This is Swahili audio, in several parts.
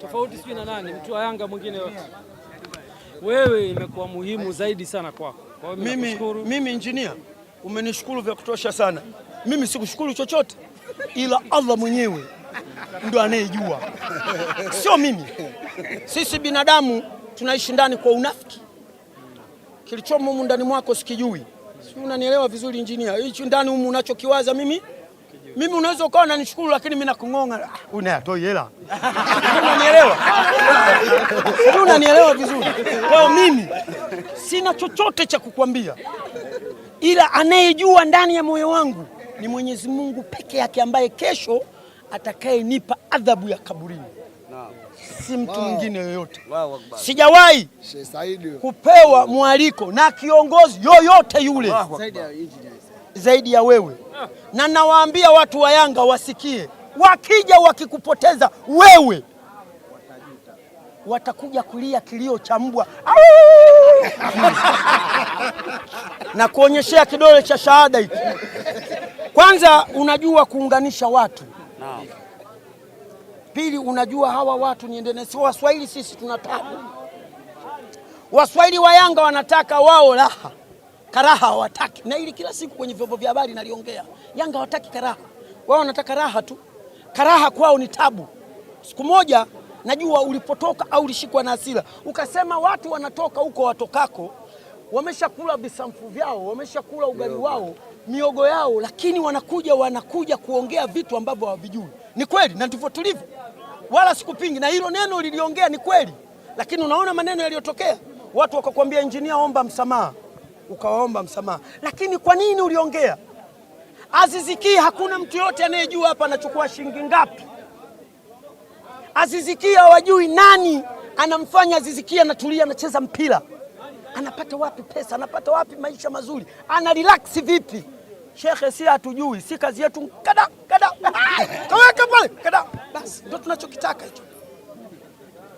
tofauti sijui na nani mtu wa Yanga mwingine yote, wewe imekuwa muhimu zaidi sana kwako. Kwa hiyo mimi Mimi injinia, umenishukuru vya kutosha sana. Mimi sikushukuru chochote, ila Allah mwenyewe ndo anayejua, sio mimi. Sisi binadamu tunaishi ndani kwa unafiki, kilichomo humu ndani mwako sikijui, si unanielewa vizuri injinia? Hichi ndani humu unachokiwaza mimi mimi unaweza ukawa unanishukuru lakini mimi nakung'onga. atoi hela. Unanielewa? Sio unanielewa vizuri. Leo mimi sina chochote cha kukwambia. Ila anayejua ndani ya moyo wangu ni Mwenyezi Mungu peke yake ambaye kesho atakayenipa adhabu ya kaburini. Si mtu mwingine wow, yoyote wow, sijawahi kupewa mwaliko na kiongozi yoyote yule wow, zaidi ya wewe, na nawaambia watu wa Yanga wasikie, wakija wakikupoteza wewe watakuja kulia kilio cha mbwa na kuonyeshea kidole cha shahada hiki. Kwanza unajua kuunganisha watu, pili unajua hawa watu na Si Waswahili sisi tunataka Waswahili wa Yanga wanataka wao raha Karaha hawataki, na ili kila siku kwenye vyombo vya habari naliongea, Yanga hawataki karaha, wao wanataka raha tu. Karaha kwao ni tabu. Siku moja najua ulipotoka au ulishikwa na hasira ukasema watu wanatoka huko watokako, wameshakula bisamfu vyao, wameshakula ugali wao, miogo yao, lakini wanakuja wanakuja kuongea vitu ambavyo hawavijui. Ni kweli na ndivyo tulivyo, wala sikupingi, na hilo neno liliongea ni kweli, lakini unaona maneno yaliyotokea, watu wakakwambia injinia, omba msamaha ukawaomba msamaha. Lakini kwa nini uliongea? Aziziki, hakuna mtu yote anayejua hapa anachukua shilingi ngapi. Aziziki hawajui nani anamfanya Aziziki anatulia, anacheza mpira, anapata wapi pesa? Anapata wapi maisha mazuri? Ana relax vipi? Shekhe, si hatujui, si kazi yetu. kada kada ah! kaweka pale kada, basi ndio tunachokitaka hicho.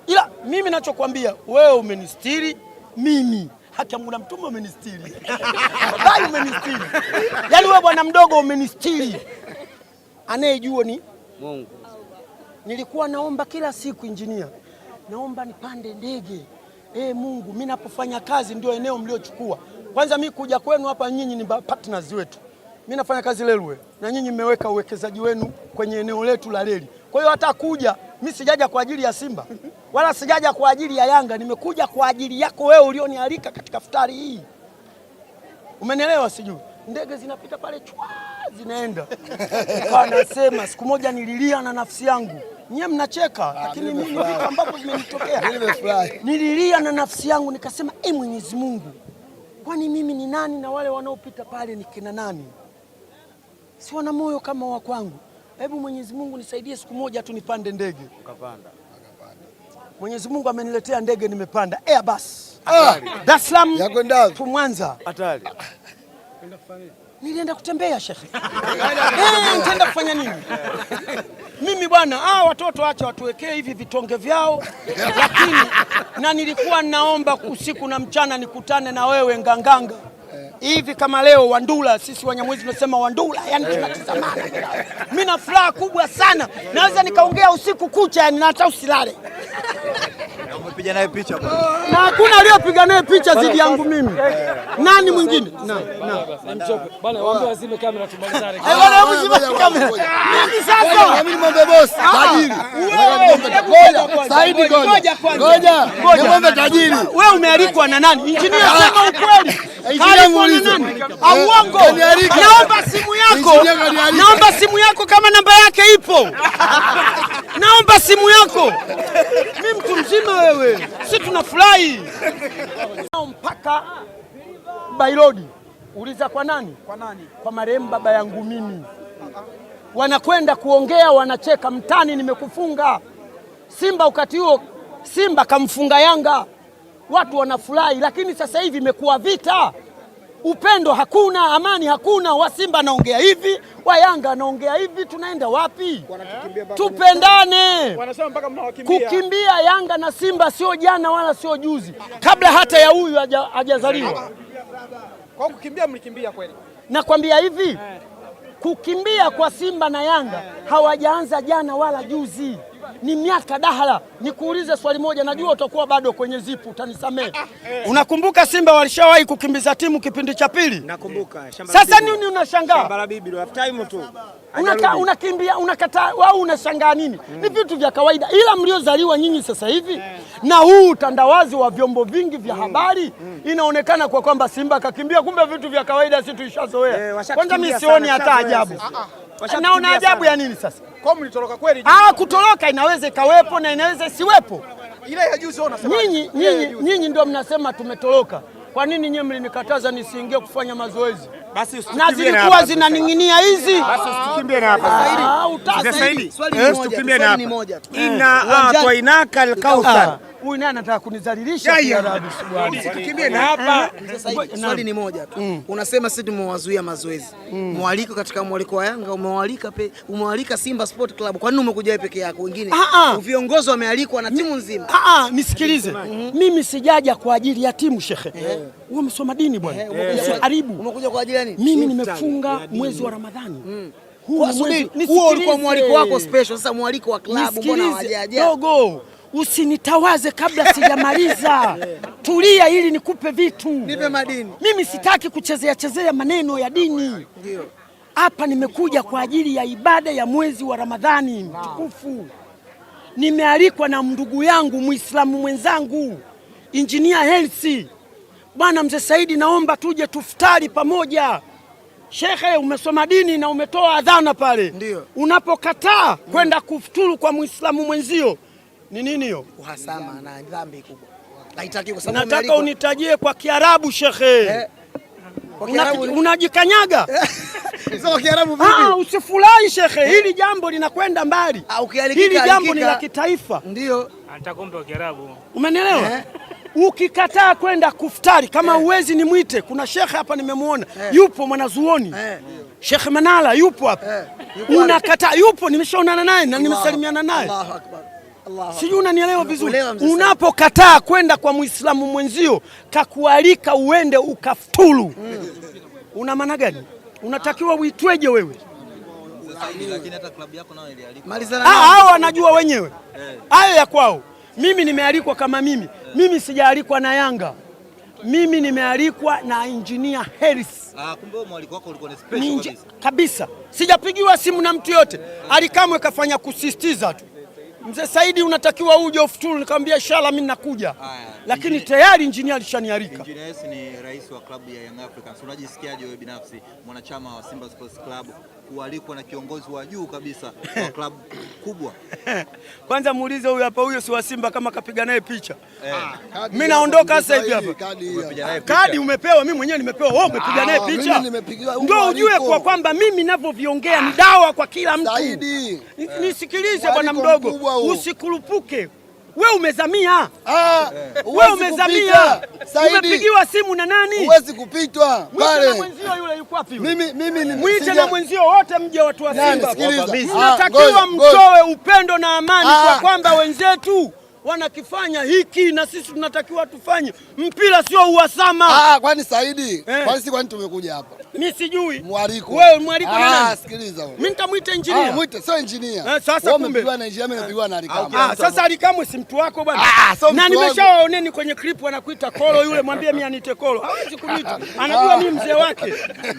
Ila mimi nachokwambia wewe, umenistiri mimi haki Mtume umenistiri. Bai umenistiri. Yaani wewe bwana mdogo umenistiri. Anayejua ni Mungu. Nilikuwa naomba kila siku injinia, naomba nipande ndege. Ee Mungu, mimi napofanya kazi ndio eneo mliochukua. Kwanza mimi kuja kwenu hapa, nyinyi ni partners wetu. Mimi nafanya kazi Lelwe na nyinyi mmeweka uwekezaji wenu kwenye eneo letu la reli. Kwa hiyo hata kuja mimi sijaja kwa ajili ya Simba wala sijaja kwa ajili ya Yanga, nimekuja kwa ajili yako wewe ulionialika katika futari hii. Umenielewa? Sijui ndege zinapita pale chwa zinaenda kanasema, siku moja nililia na nafsi yangu. Nyie mnacheka, ah, lakini mimi vitu ambavyo vimenitokea nililia na nafsi yangu nikasema, e, Mwenyezi Mungu, kwani mimi ni nani? Na wale wanaopita pale ni kina nani? si wana moyo kama wa kwangu? Hebu Mwenyezi Mungu nisaidie, siku moja tu nipande ndege. Ukapanda. Mwenyezi Mungu ameniletea ndege nimepanda Airbus. Ah, Dar es Salaam tu Mwanza. Hatari. Nilienda kutembea shekhe. Eh, nitaenda kufanya nini? Mimi bwana, ah, watoto acha watuwekee hivi vitonge vyao, lakini na nilikuwa naomba usiku na mchana nikutane na wewe nganganga hivi kama leo Wandula, sisi Wanyamwezi tunasema Wandula, yani tunatazamana. Mimi na furaha kubwa sana, naweza nikaongea usiku kucha, yani na hata usilale na hakuna aliyopiga naye picha zidi yangu mimi. Nani mwingine? Eh, wewe umealikwa na nani? Injinia, ah. sema ukweli. Eh, Auongo. Eh, ah, naomba simu yako, naomba simu yako kama namba yake ipo naomba simu yako. Mimi mtu mzima wewe, si tunafurahi mpaka Bairodi. Uliza kwa nani? Kwa nani? Kwa marehemu baba yangu mimi. Wanakwenda kuongea wanacheka mtani, nimekufunga Simba wakati huo Simba kamfunga Yanga, watu wanafurahi, lakini sasa hivi imekuwa vita upendo hakuna, amani hakuna. Wasimba anaongea hivi, Wayanga anaongea hivi, tunaenda wapi? Tupendane. Kukimbia Yanga na Simba sio jana wala sio juzi, kabla hata ya huyu hajazaliwa. Kwa kukimbia mlikimbia kweli, nakwambia hivi, kukimbia kwa Simba na Yanga hawajaanza jana wala juzi ni miaka dahala. Nikuulize swali moja, najua utakuwa bado kwenye zipu, utanisamehe. Unakumbuka Simba walishawahi kukimbiza timu kipindi cha pili? Nakumbuka. Sasa nini unashangaa? Unaka, unakimbia unakataa au unashangaa nini? Mm. Ni vitu vya kawaida, ila mliozaliwa nyinyi sasa hivi yeah. na huu utandawazi wa vyombo vingi vya mm. habari mm. inaonekana kwa kwamba Simba kakimbia, kumbe vitu vya kawaida, si tuishazoea. Eh, Kwanza mimi sioni hata ajabu, naona ajabu ya nini sasa kwa mlitoroka kweli? Ah, kutoroka inaweza ikawepo na inaweza siwepo. Ile ya juzi unasema. Nyinyi nyinyi nyinyi ndio mnasema tumetoroka. Kwa nini nyinyi mlinikataza nisiingie kufanya mazoezi? Basi usikimbie na zilikuwa zinaning'inia hizi. Basi usikimbie na hapa Ah, hivi. Sasa hivi. Swali eh, ni moja. Ina kwa eh, ah, inaka al-Kauthar. Ah. Huyu naye anataka kunizalilisha. Tukimbie na hapa. swali ni moja tu mm. Unasema sisi tumewazuia mazoezi mm. Mwaliko katika mwaliko wa Yanga umewalika pe, umewalika Simba Sport Club. Kwa nini umekuja wewe peke yako? Wengine ah, ah. viongozi wamealikwa na timu nzima. Ah, ah Nisikilize mm-hmm. Mimi sijaja kwa ajili ya timu shekhe. Eh. Wewe umesoma dini bwana, eh, usiharibu. Umekuja kwa ajili ya nini? Mimi nimefunga mwezi wa Ramadhani mm. Huo ulikuwa mwaliko wako special. Sasa mwaliko wa klabu mbona hawajaja? Dogo Usinitawaze kabla sijamaliza. Tulia ili nikupe vitu. Nipe madini. Mimi sitaki kuchezea chezea maneno ya dini. Ndio. Hapa nimekuja kwa ajili ya ibada ya mwezi wa Ramadhani mtukufu. Nimealikwa na ndugu yangu Muislamu mwenzangu Injinia Helsi. Bwana Mzee Saidi, naomba tuje tufutari pamoja. Shekhe, umesoma dini na umetoa adhana pale. Ndio. Unapokataa kwenda kufuturu kwa Muislamu mwenzio ni nini hiyo? Uhasama na dhambi kubwa. Haitaki kwa sababu nataka unitajie kwa Kiarabu shekhe. unajikanyaga usifurahi shekhe, eh? hili jambo linakwenda mbali, ah, hili jambo ni la kitaifa. Ndio umenielewa? Eh? Ukikataa kwenda kuftari kama eh? uwezi, nimwite kuna shekhe hapa nimemwona, yupo mwanazuoni Shekhe Manala yupo hapa, unakataa. Yupo, nimeshaonana naye na nimesalimiana naye. Allahu Akbar. Sijui unanielewa vizuri. Unapokataa kwenda kwa Muislamu mwenzio kakualika uende ukafuturu, mm. una maana gani? Unatakiwa uitweje wewe? Ah, hao wanajua wenyewe eh. hayo ya kwao. Mimi nimealikwa kama mimi, eh. mimi sijaalikwa na Yanga, mimi nimealikwa na Engineer Hersi ah, kabisa. Sijapigiwa simu na mtu yote, eh. Alikamwe kafanya kusisitiza tu. Mzee Saidi unatakiwa uje ofuturu, nikamwambia inshallah mimi nakuja. Lakini tayari injinia alishaniarika. Injinia ni rais wa klabu ya Young Africans. Unajisikiaje wewe binafsi mwanachama wa Simba Sports Club kualikwa na kiongozi wa juu kabisa wa klabu kubwa. Kwanza muulize huyu hapa, huyo si wa Simba kama kapiga naye picha eh. Ah, mimi naondoka sasa hivi hapa. Kadi umepewa, mimi mwenyewe nimepewa, wewe umepiga ah, naye picha, ndio ujue kwa kwamba mimi ninavyoviongea ah, mdawa kwa kila mtu. Eh. Nisikilize bwana mdogo, usikurupuke wewe umezamia. Ah, wewe umezamia. Umepigiwa simu na nani? Huwezi kupitwa pale. Mwenzio yule yuko wapi Mimi mimi ni mwite na mwenzio wote mje watu wa Simba. Mnatakiwa ah, mtoe upendo na amani kwa ah. kwamba wenzetu wanakifanya hiki na sisi tunatakiwa tufanye. Mpira sio uhasama. Ah, kwani Saidi, eh. kwani si kwani tumekuja hapa mimi sijui mwaliko. Wewe mwaliko ni ah, nani? Ah, sikiliza wewe. Mimi nitamuita engineer. Ah, muite sio engineer. Ah, sasa kumbe. Wewe na engineer mimi napigwa na Alikamwe. Ah, sasa Alikamwe si mtu wako bwana. Ah, sio so na nimeshawaoneni kwenye clip wanakuita kolo yule, mwambie mimi anite kolo. Hawezi kuniita. Anajua mimi mzee wake.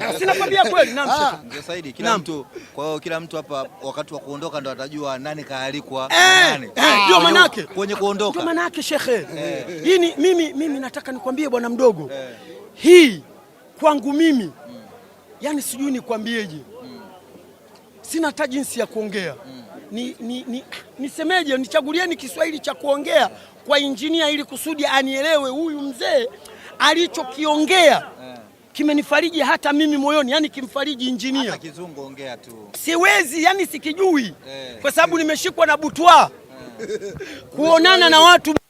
Ah. Sina kwambia kweli na mshaka. Ah. Mzee Saidi kila mtu kwa hiyo kila mtu hapa wakati wa kuondoka ndo atajua nani kaalikwa eh, nani. Eh, ndio maana yake. Kwenye kuondoka. Ndio maana yake shekhe. Hii mimi mimi nataka nikwambie bwana mdogo. Hii kwangu mimi yani sijui nikwambieje, mm. sina hata jinsi ya kuongea mm. ni, ni, ni, nisemeje, nichagulieni Kiswahili cha kuongea kwa injinia ili kusudi anielewe huyu mzee alichokiongea eh. kimenifariji hata mimi moyoni, yani kimfariji injinia. Hata kizungu ongea tu, siwezi yani sikijui eh, kwa sababu nimeshikwa na butwa eh, kuonana na watu